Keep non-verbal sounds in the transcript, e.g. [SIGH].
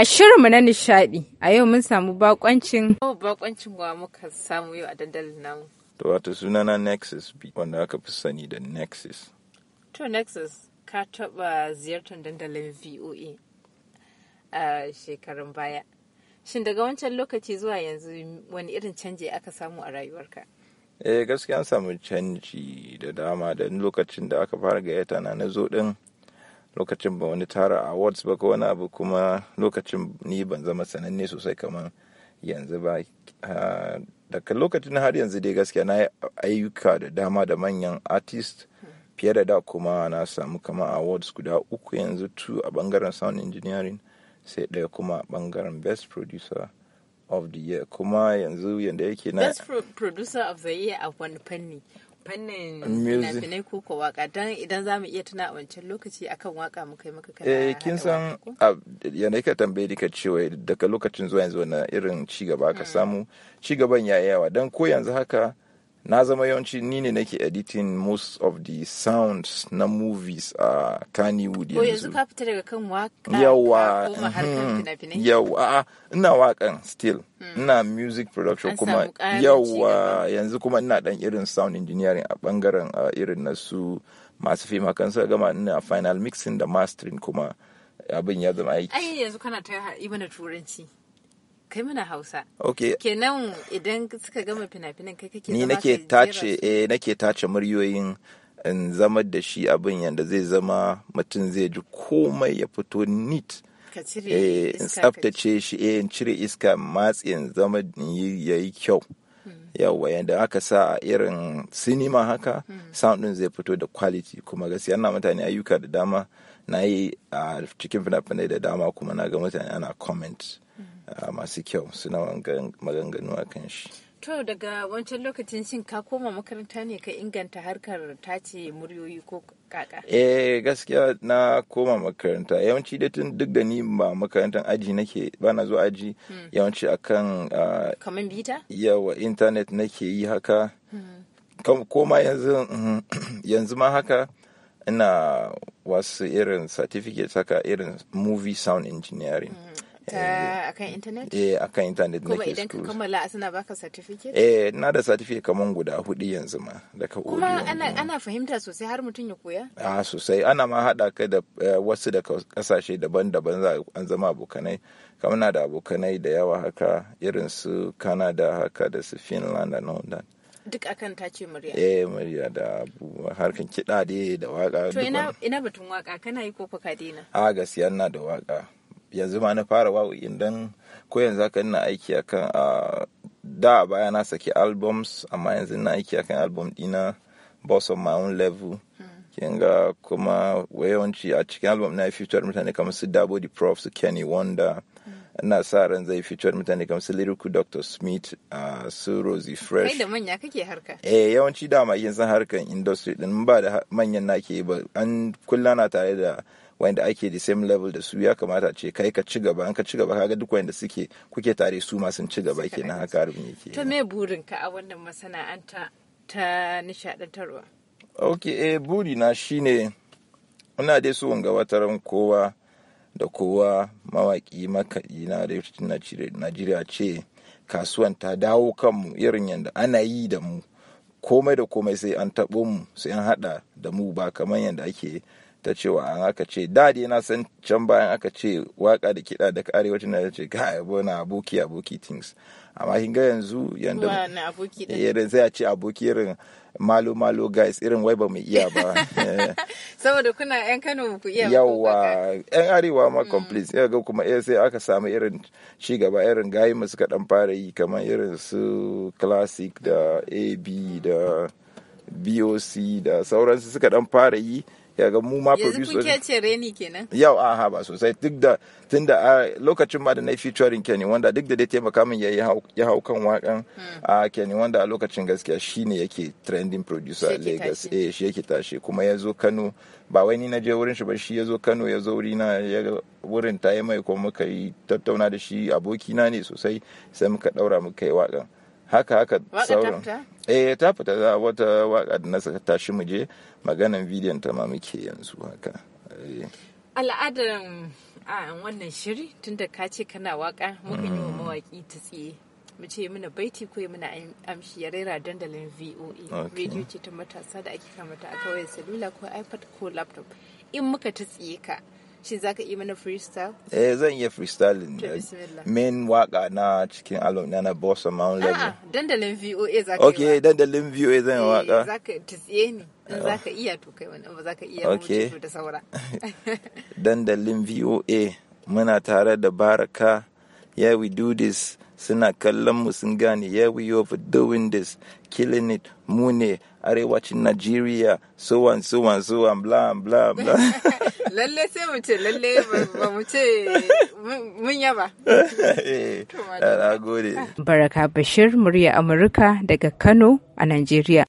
A shirinmu na nishaɗi a yau mun samu bakoncin. oh, bakoncin wa muka samu yau a dandalin namu. To wato sunana Nexus B wanda aka fi sani da Nexus. To Nexus ka taɓa ziyartar dandalin VOA a shekarun baya. Shin daga wancan lokaci zuwa yanzu wani irin canji aka samu a rayuwarka? Eh gaskiya an samu canji da dama da lokacin da aka fara gayyata na na zo din. lokacin ba wani tara awards ba ko wani abu kuma lokacin ni ban zama sananne sosai kamar yanzu ba ah, daga lokacin har yanzu dai gaskiya na yi ayyuka da dama da manyan artist fiye da da kuma na samu kama awards guda uku yanzu tu a bangaren sound engineering sai daya kuma a bangaren best producer of the year kuma yanzu yanda yake na best producer of the year a wani fanni fannin fina-finai ko ko waka don idan za mu iya tuna a wancan lokaci akan waka mu kai maka kana eh kin san yana ka tambaye ka cewa daga lokacin zuwa yanzu na irin gaba ka mm. samu ci gaban yayawa dan ko yanzu haka na zama yawanci ni ne nake editing most of the sounds na movies a Kannywood yanzu. yanzu ka fita daga kan waka yawa yawa ina wakan still hmm. ina music production kuma yawa yanzu kuma ina dan irin sound engineering a bangaren irin na su masu fim hakan suka gama ina final mixing da mastering kuma abin ya zama aiki. Ai yanzu kana ta ibana turanci. kai mana hausa kenan idan suka gama fina-finan kai kake ni nake tace eh nake tace muryoyin in zama da shi abin yadda zai zama mutum zai ji komai ya fito neat eh, in tsaftace shi eh, in cire iska matsi in zama yayi kyau hmm. yawa yadda aka sa a irin sinima haka hmm. sound din zai fito da quality kuma gaskiya ana mutane ayyuka da dama na yi a cikin fina-finai da dama kuma na ga mutane ana comment Ah, masu kyau suna maganganu a kan shi to daga wancan lokacin shin ka koma makaranta ne ka inganta harkar tace muryoyi ko kaka eh gaskiya na koma makaranta yawanci dai tun duk da ni ba makarantar aji nake ba na zuwa aji hmm. yawanci akan kamar bita yawa internet nake yi haka hmm. koma yanzu [CLEARS THROAT] yanzu ma haka ina wasu irin certificate haka irin movie sound engineering mm. a eh, akan intanet? eh akan intanet na ke idan ka kammala suna baka certificate eh na da certificate kaman guda hudu yanzu ma daga kuma ana ana fahimta sosai har mutum ya koya ah sosai ana ma hada ka da eh, wasu da kasashe daban-daban an zama abokanai kamar na da abokanai da yawa haka irin su Canada haka da su Finland da Northern duk akan ta ce murya eh murya da harkan kiɗa da waka to ina batun waka kana yi ko ka daina a ah, gaskiya na da waka yanzu ma na fara waƙoƙin dan ko yanzu haka ina aiki akan a da baya na saki albums amma yanzu na aiki akan album dina boss of my own level kinga kuma yawanci a cikin album na feature mutane kamar su Dabo the Prof su Kenny Wonder ina sa ran zai feature mutane kamar su Lyrical Dr. Smith su Rosie Fresh kai da manya kake harka eh yawanci dama yin san harkan industry din ba da manyan nake ba an kullana tare da wanda ake the same level da su ya kamata ce kai ka ci gaba an ka ci gaba kaga duk wanda suke kuke tare su ma sun ci gaba kenan haka abin yake to me burin ka a wannan masana'anta ta nishadantarwa ok eh buri na shine ina dai so ga wataran kowa da kowa mawaki makaɗi na arewacin najeriya ce kasuwan ta dawo kanmu irin yadda ana yi da mu komai da komai sai an taɓo mu sai an haɗa da mu ba kamar yadda ake ta cewa an aka ce dadi na san can bayan aka ce waka da kiɗa daga arewacin na ce ga na aboki aboki things amma kin ga yanzu yanda yadda zai a ce aboki irin malo malo guys irin wai ba mu iya ba [LAUGHS] saboda kuna yan Kano ku iya yawa yan arewa ma mm. complete sai ga kuma eh, sai aka samu irin ci gaba irin gayi mu suka dan fara yi kamar irin su classic da AB da boc da sauransu suka dan fara yi yaga mu ma producer yanzu kece reni kenan yau a ha ba sosai duk da tunda a lokacin ma da na featuring Kenny wanda duk da dai taimaka min ya ya hau kan wakan hmm. a Kenny wanda a lokacin gaskiya shine yake trending producer Lagos eh shi yake tashi kuma ya zo Kano ba wai ni na je wurin shi ba shi ya zo Kano ya zo wuri na ya wurin ta yi mai ko muka yi tattauna da shi abokina ne sosai sai muka daura muka yi wakan haka haka sauran eh ta fita za wata waka da na saka tashi mu je maganan bidiyon ta ma muke yanzu haka eh. al'adar a wannan shiri tunda ka ce kana waka muka yi wa mm. mawaki ta tsiye mu ce muna baiti ko muna amshi ya rera dandalin VOA rediyo ce ta matasa da ake kamata a kawai salula ko iPad ko laptop in muka ta tsiye ka Shin za iya mana freestyle? Eh zan iya freestyling. Main waka na cikin album na na Boss Amount ah, Level. Dandalin VOA za ka yi Okay, dandalin VOA zan yi waka. Eh, za tsiye ni. In iya to kai wani ba mutu da saura. [LAUGHS] Dandalin VOA muna tare da Baraka. Yeah, we do this. suna kallon mu sun gane yeah we doing this killing it mu ne arewacin nigeria so on so on so on bla bla bla [LAUGHS] lalle sai mu ce lalle ba mu ce mun yaba [LAUGHS] eh, na gode baraka bashir murya amurka daga Kano a nigeria.